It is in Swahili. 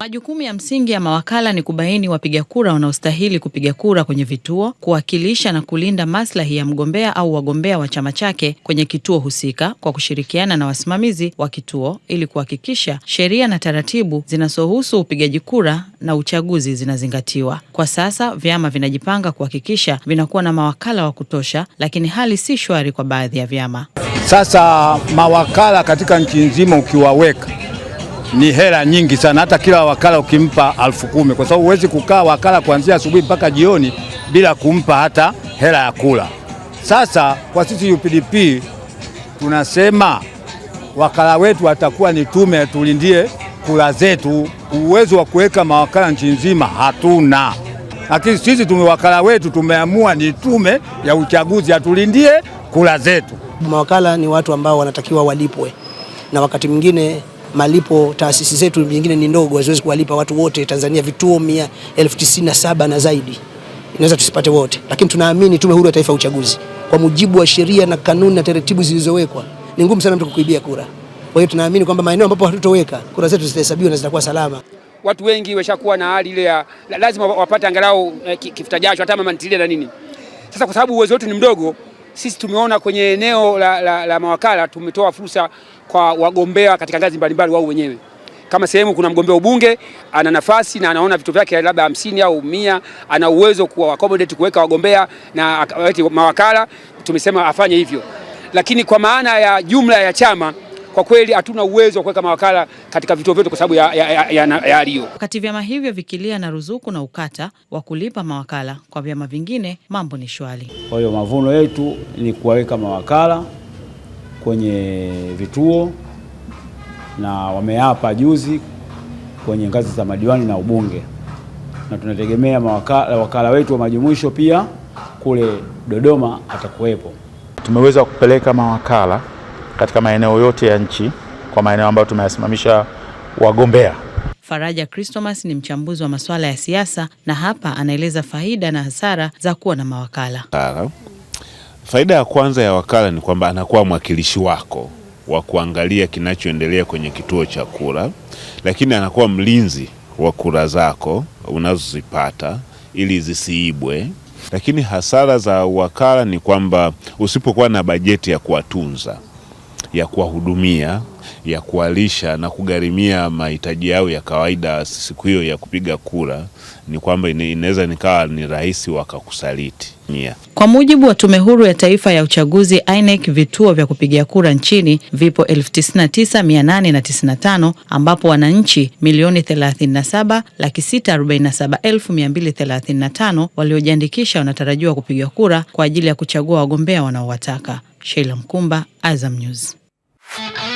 Majukumu ya msingi ya mawakala ni kubaini wapiga kura wanaostahili kupiga kura kwenye vituo, kuwakilisha na kulinda maslahi ya mgombea au wagombea wa chama chake kwenye kituo husika kwa kushirikiana na wasimamizi wa kituo ili kuhakikisha sheria na taratibu zinazohusu upigaji kura na uchaguzi zinazingatiwa. Kwa sasa vyama vinajipanga kuhakikisha vinakuwa na mawakala wa kutosha, lakini hali si shwari kwa baadhi ya vyama. Sasa mawakala katika nchi nzima ukiwaweka ni hela nyingi sana, hata kila wakala ukimpa alfu kumi, kwa sababu huwezi kukaa wakala kuanzia asubuhi mpaka jioni bila kumpa hata hela ya kula. Sasa kwa sisi UPDP tunasema wakala wetu atakuwa ni tume, tulindie kula zetu. Uwezo wa kuweka mawakala nchi nzima hatuna, lakini sisi tume wakala wetu tumeamua ni tume ya uchaguzi, atulindie kula zetu. Mawakala ni watu ambao wanatakiwa walipwe na wakati mwingine malipo taasisi zetu nyingine ni ndogo, haziwezi kuwalipa watu wote Tanzania, vituo mia elfu tisini na saba na zaidi, inaweza tusipate wote, lakini tunaamini Tume Huru ya Taifa ya Uchaguzi kwa mujibu wa sheria na kanuni na taratibu zilizowekwa ni ngumu sana mtu kukuibia kura. Kwa hiyo tunaamini kwamba maeneo ambapo hatutoweka kura zetu zitahesabiwa na zitakuwa salama. Watu wengi wameshakuwa na hali ile ya lazima wapate angalau eh, kifuta jasho hata mama ntilie na nini. Sasa kwa sababu uwezo wetu ni mdogo sisi tumeona kwenye eneo la, la, la mawakala tumetoa fursa kwa wagombea katika ngazi mbalimbali wao wenyewe kama sehemu kuna mgombea ubunge ana nafasi na anaona vitu vyake labda hamsini au mia, ana uwezo kuwa accommodate kuweka wagombea na mawakala, tumesema afanye hivyo, lakini kwa maana ya jumla ya chama kwa kweli hatuna uwezo wa kuweka mawakala katika vituo vyetu kwa sababu ya, ya, ya, ya, ya, ya Wakati vyama hivyo vikilia na ruzuku na ukata wa kulipa mawakala kwa vyama vingine, mambo ni shwari. Kwa hiyo mavuno yetu ni kuwaweka mawakala kwenye vituo na wameapa juzi kwenye ngazi za madiwani na ubunge, na tunategemea mawakala, wakala wetu wa majumuisho pia kule Dodoma atakuwepo. Tumeweza kupeleka mawakala katika maeneo yote ya nchi kwa maeneo ambayo tumeyasimamisha wagombea. Faraja Christomas ni mchambuzi wa masuala ya siasa na hapa anaeleza faida na hasara za kuwa na mawakala. Ah, faida ya kwanza ya wakala ni kwamba anakuwa mwakilishi wako wa kuangalia kinachoendelea kwenye kituo cha kura, lakini anakuwa mlinzi wa kura zako unazozipata ili zisiibwe. Lakini hasara za wakala ni kwamba usipokuwa na bajeti ya kuwatunza ya kuwahudumia, ya kuwalisha na kugharimia mahitaji yao ya kawaida siku hiyo ya kupiga kura, ni kwamba inaweza nikawa ni rahisi wakakusaliti. Yeah. Kwa mujibu wa Tume Huru ya Taifa ya Uchaguzi INEC, vituo vya kupigia kura nchini vipo 99895 ambapo wananchi milioni 37,647,235 waliojiandikisha wanatarajiwa kupiga kura kwa ajili ya kuchagua wagombea wanaowataka. Sheila Mkumba, Azam News. Thank you.